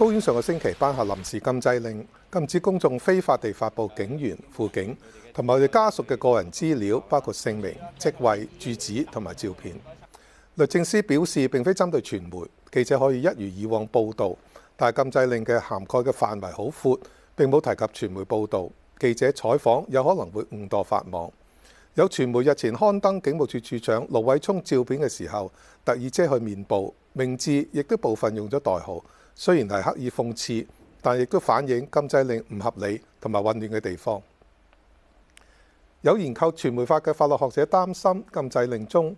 高院上個星期頒下臨時禁制令，禁止公眾非法地發布警員、輔警同埋佢哋家屬嘅個人資料，包括姓名、職位、住址同埋照片。律政司表示並非針對傳媒，記者可以一如以往報導，但係禁制令嘅涵蓋嘅範圍好闊，並冇提及傳媒報導、記者採訪有可能會誤墮法網。有傳媒日前刊登警務處處長盧偉聰照片嘅時候，特意遮去面部，名字亦都部分用咗代號。雖然係刻意諷刺，但亦都反映禁制令唔合理同埋混亂嘅地方。有研究傳媒法嘅法律學者擔心禁制令中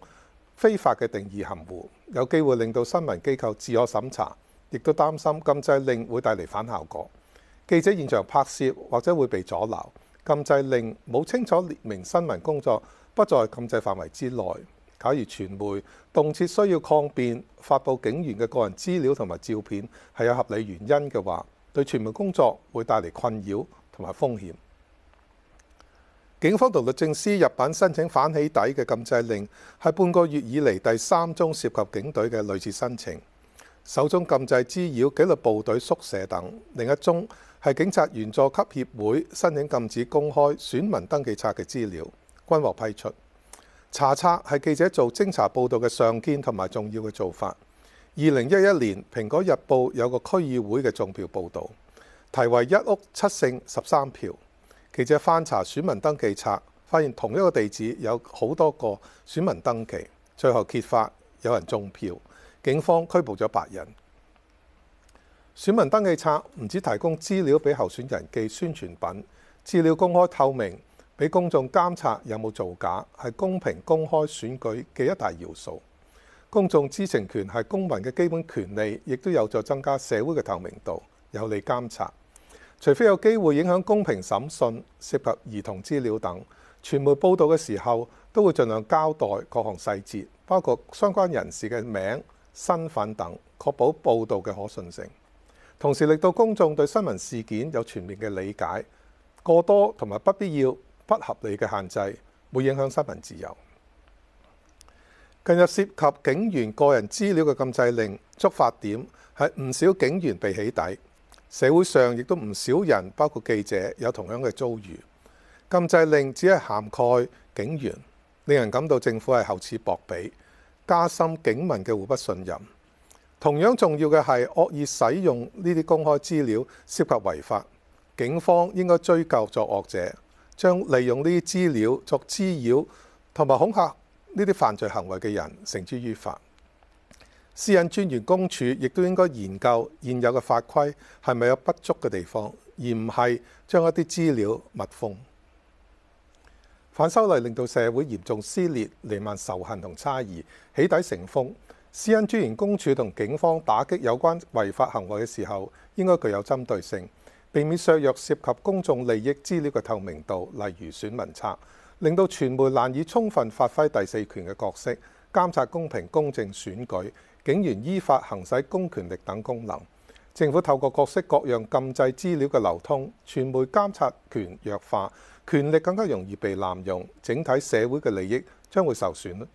非法嘅定義含糊，有機會令到新聞機構自我審查，亦都擔心禁制令會帶嚟反效果。記者現場拍攝或者會被阻撓，禁制令冇清楚列明新聞工作，不在禁制範圍之內。假如傳媒動輒需要抗辯、發布警員嘅個人資料同埋照片係有合理原因嘅話，對傳媒工作會帶嚟困擾同埋風險。警方同律政司入禀申請反起底嘅禁制令，係半個月以嚟第三宗涉及警隊嘅類似申請，首宗禁制滋擾紀律部隊宿舍等，另一宗係警察員佐級協會申請禁止公開選民登記冊嘅資料，均獲批出。查冊係記者做偵查報導嘅常見同埋重要嘅做法。二零一一年，《蘋果日報》有個區議會嘅種票報導，題為《一屋七勝十三票》。記者翻查選民登記冊，發現同一個地址有好多個選民登記，最後揭發有人種票，警方拘捕咗八人。選民登記冊唔止提供資料俾候選人寄宣傳品，資料公開透明。俾公眾監察有冇造假，係公平公開選舉嘅一大要素。公眾知情權係公民嘅基本權利，亦都有助增加社會嘅透明度，有利監察。除非有機會影響公平審訊、涉及兒童資料等，傳媒報道嘅時候都會盡量交代各項細節，包括相關人士嘅名、身份等，確保報道嘅可信性。同時，令到公眾對新聞事件有全面嘅理解。過多同埋不必要。不合理嘅限制會影響新聞自由。近日涉及警員個人資料嘅禁制令觸發點，係唔少警員被起底，社會上亦都唔少人，包括記者有同樣嘅遭遇。禁制令只係涵蓋警員，令人感到政府係厚此薄彼，加深警民嘅互不信任。同樣重要嘅係惡意使用呢啲公開資料涉及違法，警方應該追究作惡者。將利用呢啲資料作滋擾同埋恐嚇呢啲犯罪行為嘅人，繩之於法。私隱專員公署亦都應該研究現有嘅法規係咪有不足嘅地方，而唔係將一啲資料密封。反修例令到社會嚴重撕裂，瀰漫仇恨同差異，起底成風。私隱專員公署同警方打擊有關違法行為嘅時候，應該具有針對性。避免削弱涉及公眾利益資料嘅透明度，例如選民冊，令到傳媒難以充分發揮第四權嘅角色，監察公平公正選舉、警員依法行使公權力等功能。政府透過各式各樣禁制資料嘅流通，傳媒監察權弱化，權力更加容易被濫用，整體社會嘅利益將會受損。